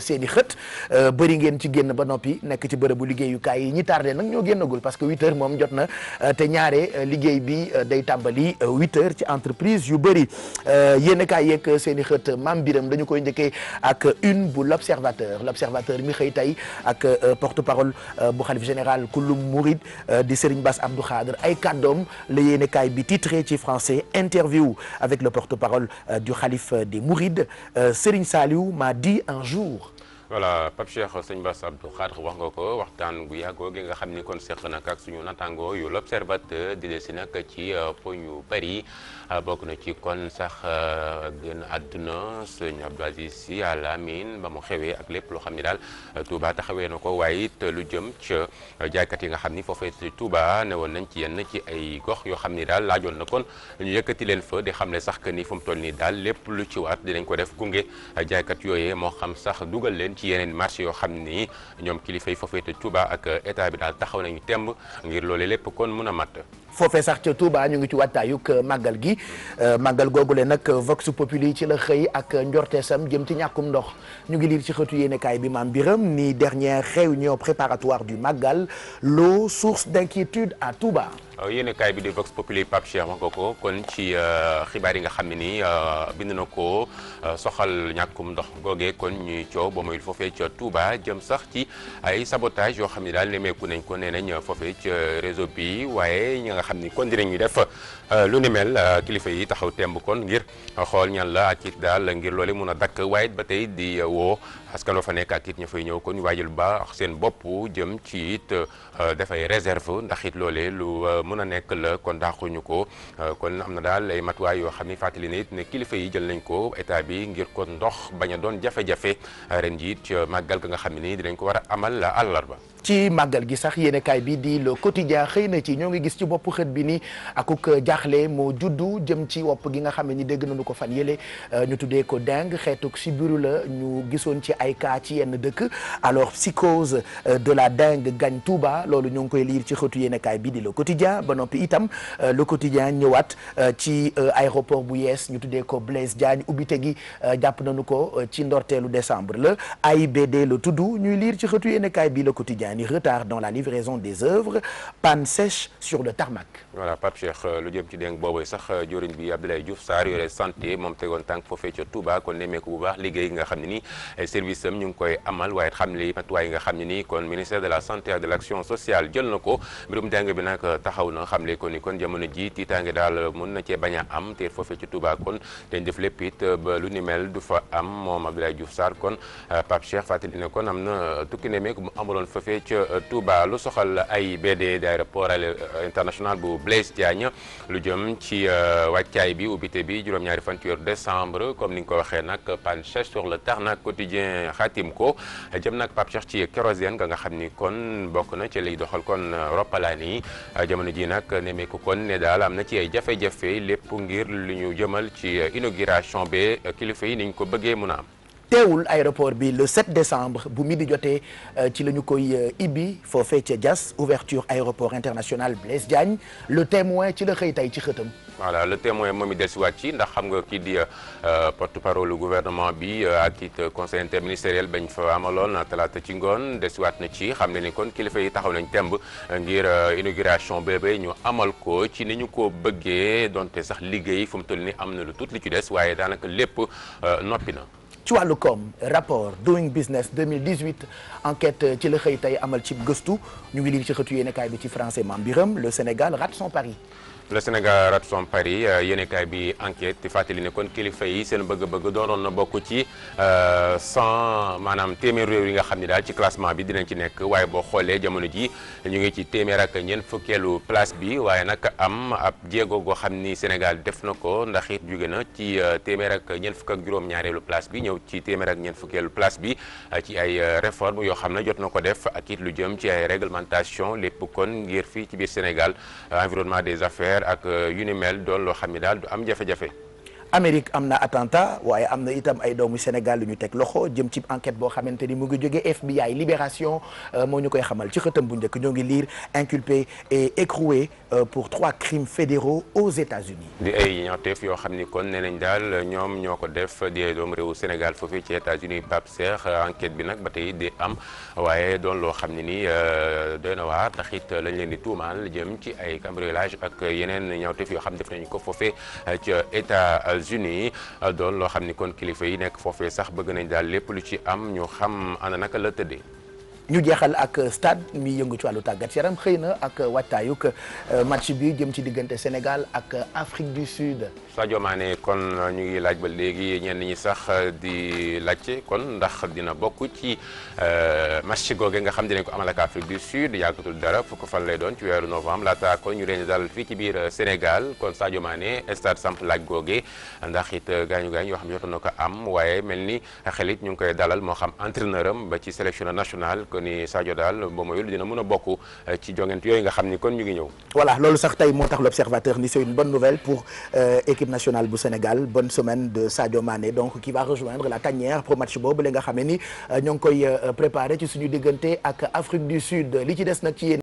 seen i xët euh, bëri ngeen ci génn ba noppi nekk ci bërëbu liggéeyukaay yi ñi tardé nag ñoo génnagul parce que huit heures moom jot na euh, te ñaare euh, liggéey bi day tàmbali huit heures ci entreprise yu bëri yéen kaay yeeg xët maam biram dañu koy njëkkee ak une bu l'observateur l'observateur mi xëy tey ak porte parole bu xalif général kullum Mouride di Serigne Bass Abdou Khadr ay kàddoom la yéen kaay bi titré ci français interview avec le porte parole du xalif voilà Pape Cheikh sëñ Bass Abdou Khadre wax nga ko waxtaan gu yàggoo gi nga xam ni kon seq nag ak suñu natango yu l'observateur di si nag ci euh, poñ yu bari euh, bokk na ci kon sax euh, gën àdduna sëñ Abdou Aziz Sy Al Amine ba mu xewee ak lépp loo xam ni daal te taxawee na ko waaye it lu jëm ca jaaykat yi nga xam ni foofee ci Touba ne woon nañ ci yenn ci ay gox yoo xam ni daal laajoon na kon ñu yëkkati leen fa di xam ne sax que ni fu mu toll nii daal lépp lu ci dinañ ko def gunge jaaykat yooyee moo xam sax dugal leen ci yeneen marché yoo xam ni ñoom kilifa yi foofee te Touba ak état bi taxaw nañu temb ngir loole lépp kon mun a mat foofee sax ca Touba ñu ngi ci wattaayuk màggal gi euh, màggal googule nag vox populi ci la xëy ak njorteesam jëm ci ñàkkum ndox ñu ngi liir ci xëtu yéenekaay bi maam Biram ni dernière réunion préparatoire du màggal l'eau source d'inquiétude à Touba yéenekaay bi di vox populi Pape Cheikh wax nga ko kon ci euh, xibaar yi nga xam ne ni euh, bind na ko soxal ñàkkum ndox googee kon ñuy coow ba mayul foofee ca Touba jëm sax ci ay sabotage yoo xam ne daal nemeeku nañ ko nee nañ foofee ca réseau bi waaye xam ni kon dinañuy def euh, lu ni mel euh, kilifa yi taxaw temb kon ngir xool ñan la ak it daal ngir loole mun a dakk waaye ba tey di yowoo euh, askan wa fa nekk ak it ñu fay ñëw kon ñu waajal baax seen bopp jëm ci it euh, dafay réserve ndax it lu euh, mun a nekk la kon dàquñu ko euh, kon am na daal ay matuwaay yoo xam ne fàttali na ne kilifa yi jël nañ ko état bi ngir ko ndox bañ a doon jafe-jafe ren ji it màggal ga nga xam ne nii dinañ ko war a amal àllarba. ci màggal gi sax yéenekaay bi di Le Quotidien xëy na ci ñoo ngi gis ci bopp xet bi ni akuk jaaxle moo juddu jëm ci wopp gi nga xam ne ni ko fan yële ñu ay cas ci yenn dëkk alors psychose euh, de la dengue gagne Touba loolu ñu ngi koy liir ci xëtu yéenekaay bi di le quotidien ba noppi itam euh, le quotidien ñëwaat euh, ci aéroport bu yees ñu tuddee ko Blaise Diagne ubbite gi jàpp nañu ko ci ndorteelu décembre la AIBD la tudd ñuy liir ci xëtu yéenekaay bi le quotidien ni retard dans la livraison des œuvres panne sèche sur le tarmac. voilà Pape lu jëm ci dengue boobu sax joriñ bi Abdoulaye Diouf Sarr yore santé moom tegoon tànk foofee ca Touba kon nemmeeku bu baax liggéey nga xam ne ni service service am ñu ngi koy amal waaye xam li matuwaay nga xam ne nii kon ministère de la santé et de l'action sociale jël na ko mbirum jàng bi nag taxaw na xam le ko ni kon jamono ji tiitaange daal mën na cee bañ a am te foofee ci Touba kon dañ def lépp it ba lu ni mel du fa am moom Abdoulaye Diouf Sarr kon euh, Pape Cheikh fàttali ne kon am na tukki ne meek mu amaloon foofee ca Touba lu soxal ay BD di aéroport euh, international bu Blaise Diagne lu jëm ci euh, wàccaay bi ubbite bi juróom-ñaari fan ci comme ni nga ko waxee nag panne sèche sur le Tarnac quotidien xaatim ko jëm nag Pape ci kérosène nga nga xam ni kon bokk na ci liy doxal kon roppalaan yi jamono ji nag nemeeku kon ne daal am na ci ay jafe-jafe lépp ngir li ñu jëmal ci inauguration bi kilifa yi niñ ko bëggee mun a am teewul aéroport bi le 7 décembre bu midi jotee euh, ci la ñu koy euh, ibbi foofee ca Diass ouverture aéroport international Blaise Diagne le témoin ci la xëy tay ci xetam voilà le témoin moom i dellusiwaat ci ndax xam nga kii di euh, porte parole gouvernement bi à titre conseil interministériel bañ fa amaloon talaata ci ngoon dellusiwaat na ci xam ne ni kon kilifa yi taxaw nañ temb ngir inauguration bébé ñu amal ko ci ni ñu ko bëggee donte sax liggéey fu mu toll ni am na lu tuuti li ci des waaye daanaka lépp noppi na ci wàllu koom rapport doing business 2018 enquête ci la xëy tey amal ci gëstu ñu ngi lii ci xëtu yéenekaay bi ci français Mambiram le Sénégal rate son pari le Sénégal rate son pari euh, yéenekaay bi enquête di fàttali ne kon kilifa yi seen bëgg-bëgg doonoon na bokk ci 100 euh, maanaam téeméer réew yi nga xam ne daal ci classement bi dinañ ci nekk waaye boo xoolee jamono ji ñu ngi ci téeméer ak ñeent fukkeelu place bi waaye nag am ab jéego goo xam ni Sénégal def na ko ndax it jóge na ci euh, téeméer ak ñeent fukk ak juróom place bi ñëw ci téeméer ak ñeent fukkeelu place bi ci ay réforme yoo xam ne jot na ko def ak it lu jëm ci ay réglementation lépp kon ngir fii ci biir Sénégal environnement des affaires ak euh, yu ni mel doon loo xam ni daal du am jafe-jafe Amérique am na attentat waaye am na itam ay doomu Sénégal lu ñu teg loxo jëm ci enquête boo xamante ni mu ngi jógee FBI Libération euh, moo ñu koy xamal ci xëtam bu njëkk ñoo liir inculpé et écroué euh, pour trois crimes fédéraux aux États-Unis di yoo xam ni kon nee nañ daal ñoom ñoo ko def di ay doomu réewu Sénégal foofu ci États-Unis Pape Cheikh enquête bi nag ba tey di am waaye doon loo xam ne ni euh, doy na waar tax it lañ leen di tuumaal jëm ci ay cambriolage ak yeneen ñaawteef yoo xam def nañu ko foofee États-Unis doon loo xam ni kon kilifa yi nekk foofee sax bëgg nañ daal lépp lu ci am ñu xam ana naka la tëddee. ñu jeexal ak stade mi yëngu ci wàllu tàggat yaram xëy na ak waajtaayug euh, match bi jëm ci diggante Sénégal ak Afrique du Sud. Sadio Mané kon euh, ñu ngi laaj ba léegi ñenn ñi sax euh, di laajte kon ndax dina bokk ci match googe nga xam dinañ ko amal ak Afrique du Sud yàggatul dara fukk fan lay doon ci weeru novembre laata kon ñu leen di fii ci biir Sénégal kon Sadio Mané stade samp laaj googe ndax it gaañu gaañ yoo xam jotoon na ko am waaye mel ni xelit ñu ngi koy dalal moo xam entraîneur am ba ci sélection nationale. ko ni Sadio daal ba mayul dina mën a bokk eh, ci jongent yooyu nga xam ni kon ñu ñëw voilà loolu sax tey l'observateur ni c'est une bonne nouvelle pour euh, équipe nationale bu Sénégal bonne semaine de Sadio Mané donc qui va rejoindre la tanière pour match boobu li nga xam ni euh, ñoo ngi koy euh, préparé ci suñu diggante ak Afrique du Sud li ci des nag ci yéen